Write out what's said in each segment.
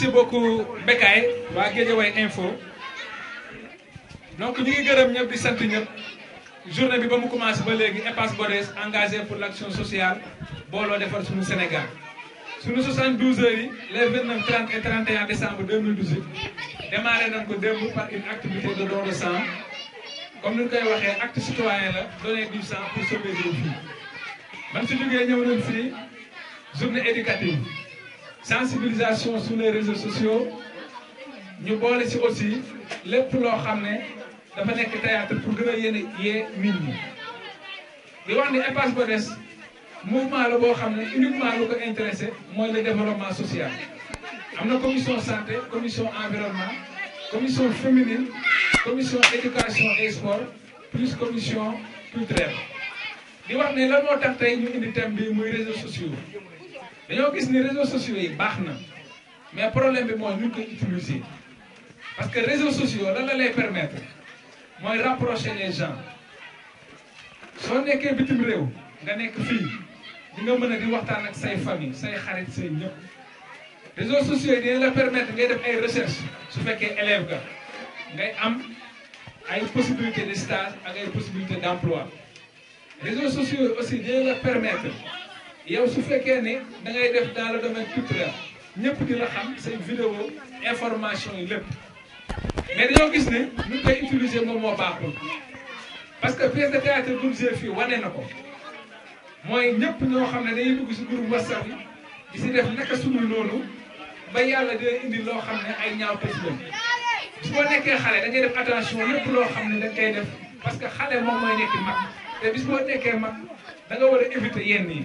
merci beaucoup Bécaye waa Guédiawaye info donc ñu ngi gërëm ñëpp di sant ñëpp journée bi ba mu commencé ba léegi EPAS Bodès engagé pour l' action sociale booloo defar suñu Sénégal suñu 72 heures les 29 30 et 31 décembre 2018 démarré nañ ko démb par une activité de don de sang comme ni ñu koy waxee acte citoyen la donner du sang pour sauver des vies man su jógee ñëw nañ si journée éducative sensibilisation sur les réseaux sociaux nous parlons aussi les pouvoir de faire dafa théâtres théâtre pour que a gens soient Nous di wax mouvement uniquement lu ko intéressé le développement social avons la commission santé la commission environnement la commission féminine la commission éducation et sport plus commission culturelle Nous avons ne lan de thème réseaux sociaux dañoo gis ni réseau sociaux yi baax na mais problème bi mooy ñu koy utiliser parce que réseaux sociaux lan la lay permettre mooy rapprocher les gens soo nekkee bitim réew nga nekk fii di nga mën a di waxtaan ak say famille say xarit say ñëpp réseaux sociaux yi dinañ la permettre ngay def ay recherche su fekkee élève ga ngay am ay possibilités de stage ak ay possibilités d' emploi réseaux sociaux aussi dinañ la permettre yow su fekkee ne da ngay def dans le domaine culturel ñëpp di la xam say vidéo information yi lépp mais dañoo gis ne ñu koy utiliser moom moo baaxul parce que pièce de théâtre bu ñu fii wane na ko mooy ñëpp ñoo xam ne dañuy dugg si groupe whatsapp yi di si def naka suñu noonu ba yàlla dina indi loo xam ne ay ñaaw tës la su ko nekkee xale da ngay def attention lépp loo xam ne da koy def parce que xale moom mooy nekk mag te bis boo nekkee mag da nga war a éviter yenn yi.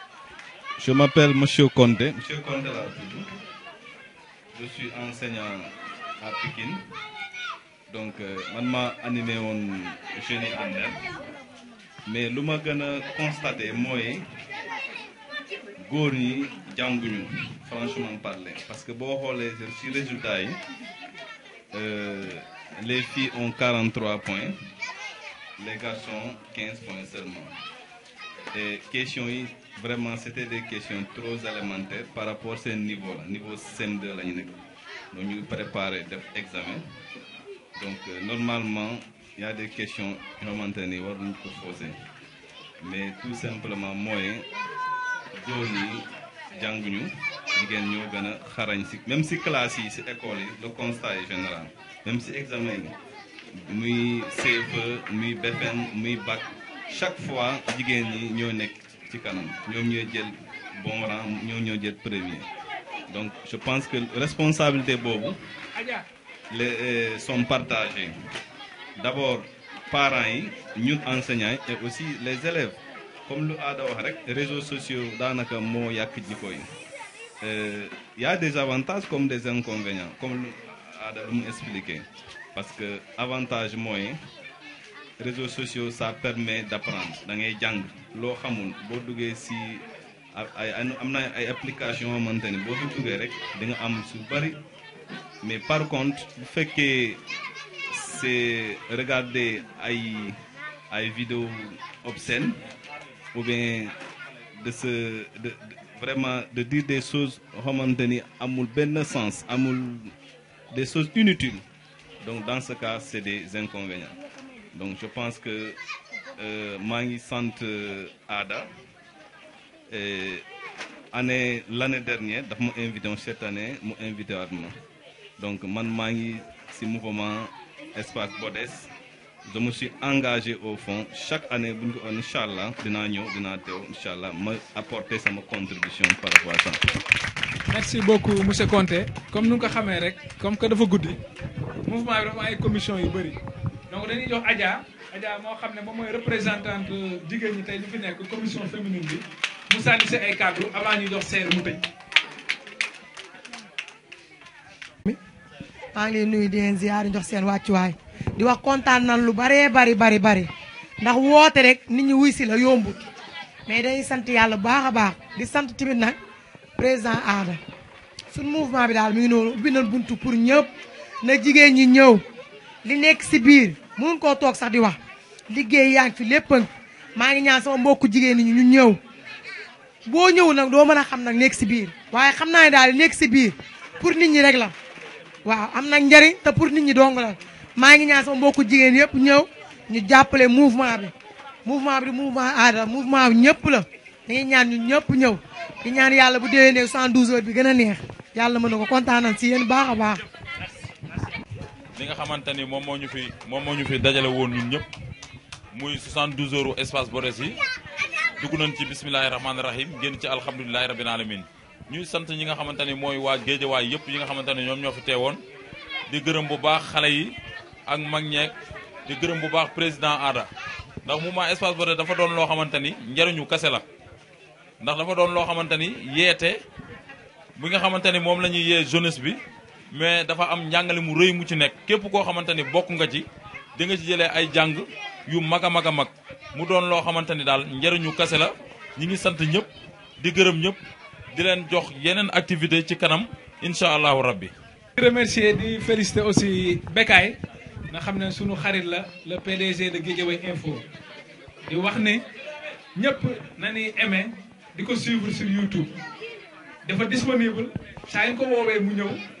Je m'appelle Monsieur Condé. Monsieur Condé Je suis enseignant à Pékin. Donc, je euh, suis animé un génie en Mais ce que je suis c'est que les franchement parler. Parce que si je les résultats, les filles ont 43 points, les garçons 15 points seulement. Et question vraiment c'était des questions trop élémentaires par rapport à ce niveau-là, niveau CM2 là donc préparer donc euh, normalement il y a des questions élémentaires, nous mais tout simplement moi, góor ñi jànguñu jigéen ñoo même si classe ici école le constat est général même si examen nous, muy CFE muy BAC e chaque fois jigéen ñi bon rang premier donc je pense que les responsabilités euh, sont partagées d'abord parents yi enseignants et aussi les élèves comme le aada les réseaux sociaux il euh, y a des avantages comme des inconvénients comme lu aada expliqué parce que avantage mooy réseaux sociaux ça permet d'apprendre da ngay jang lo xamul bo duggé ci amna ay application xamante ne rek nga am su mais par contre bu que c'est regarder ay ay obscènes, ou bien de se de, vraiment de dire des choses xamante ni amul benn sens amul des choses inutiles donc dans ce cas c'est des inconvénients donc je pense que je euh, ngi sant euh, Ada et dernière je m'ai invité cette année mu invité à moi. donc man Mangi, c'est mouvement espace Bodès je me suis engagé au fond chaque année Inch'Allah, je ko apporter sa contribution par rapport à ça. merci beaucoup monsieur Conte. comme nous le savons, comme rek comme que le mouvement est dafa commission donc dañuy jox Adja Adja moo xam ne moom mooy représentante jigéen ñi tey ñu fi nekk commission féminine bi mu sànni si ay kàddu avant ñuy jox seer mu tëj. maa seen wàccuwaay di wax kontaan nan lu baree bari bari bari ndax woote rek nit ñi wuy si la yombut mais dañuy sant yàlla bu baax a baax di sant tamit nag président Aada. suñ mouvement bi daal mi ngi noonu ubbi nañ buntu pour ñëpp na jigéen ñi ñëw. li nekk si biir mun koo toog sax di wax liggéey yaa ngi fi lépp maa ngi ñaan sama mbokku jigéen ñi ñu ñëw boo ñëw nag doo mën a xam nag nekk si biir waaye xam naa ne daal nekk si biir pour nit ñi rek la waaw am nag njariñ te pour nit ñi dong la maa ngi ñaan sama mbokku jigéen yëpp ñëw ñu jàppale mouvement bi mouvement bi mouvement aada mouvement bi ñëpp la dañuy ñaan ñu ñëpp ñëw di ñaan yàlla bu déwénee 112 heures bi gën a neex yàlla ma na ko kontaan nañ si yéen baax a baax li nga xamante ni moom moo ñu fi moom moo ñu fi dajale woon ñun ñëpp muy 72 heures espace Borès yi dugg nañ ci bisimilahi rahmaani rahim génn ci alhamdulilahi rabbil alamin ñuy sant ñi nga xamante ni mooy waa géejawaay yëpp yi nga xamante ni ñoom ñoo fi teewoon di gërëm bu baax xale yi ak mag ñeek di gërëm bu baax président Ada ndax mouvement espace Borès dafa doon loo xamante ni njariñu kase la ndax dafa doon loo xamante ni yeete bi nga xamante ni moom la ñuy yee jeunesse bi mais dafa am njàngale mu rëy mu ci nekk képp koo xamante ni bokk nga ci di nga ci jëlee ay jàng yu mag a mag a mag mu doon loo xamante ni daal njëriñu kase la ñi ngi sant ñëpp di gërëm ñëpp di leen jox yeneen activité ci kanam incha allahu rabbi di remercier di féliciter aussi Bécaye nga xam ne sunu xarit la le PDG de Guédiawaye Info di wax ne ñëpp na ni aimé di ko suivre sur YouTube dafa disponible saa yu ko woowee mu ñëw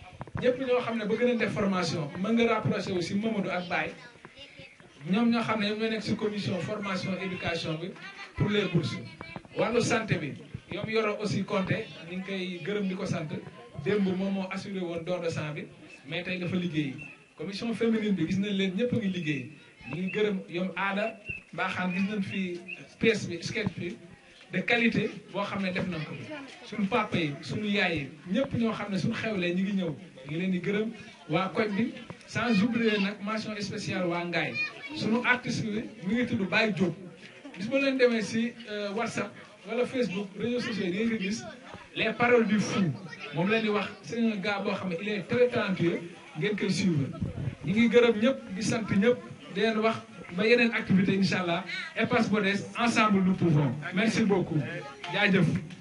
ñëpp ñoo xam ne bëgg nañ def formation mën nga rapproché aussi Mamadou ak Baye ñoom ñoo xam ne ñoom ñoo nekk si commission formation éducation bi pour les bourses wàllu santé bi yoom yoro aussi compté ñu ngi koy gërëm di ko sant démb moom moo assuré woon don de sang bi mais tey dafa liggéey commission féminine bi gis nañ leen ñëpp ngi liggéey ñu ngi gërëm yoom aada mbaaxaan gis nañ fi pièce bi sketch bi de qualité boo xam ne def nañ ko suñu papa yi suñu yaay yi ñëpp ñoo xam ne suñu xewlee ñu ngi ñëw ngi leen di gërëm wa koñ bi sans oublier nak mention spéciale wa Ngaye sunu artiste bi mi ngi tudd Baye Diop bis ma leen démé si euh, WhatsApp wala Facebook réseaux sociaux yi nga gis les paroles du fou mom leen di wax c'est un gars boo xam ne il est très talentueux ngeen koy suivre ñi ngi gërëm ñëpp di sant ñëpp di leen wax ba yeneen activité inshallah. Et Espace bonheur, ensemble nous pouvons merci beaucoup jaajëf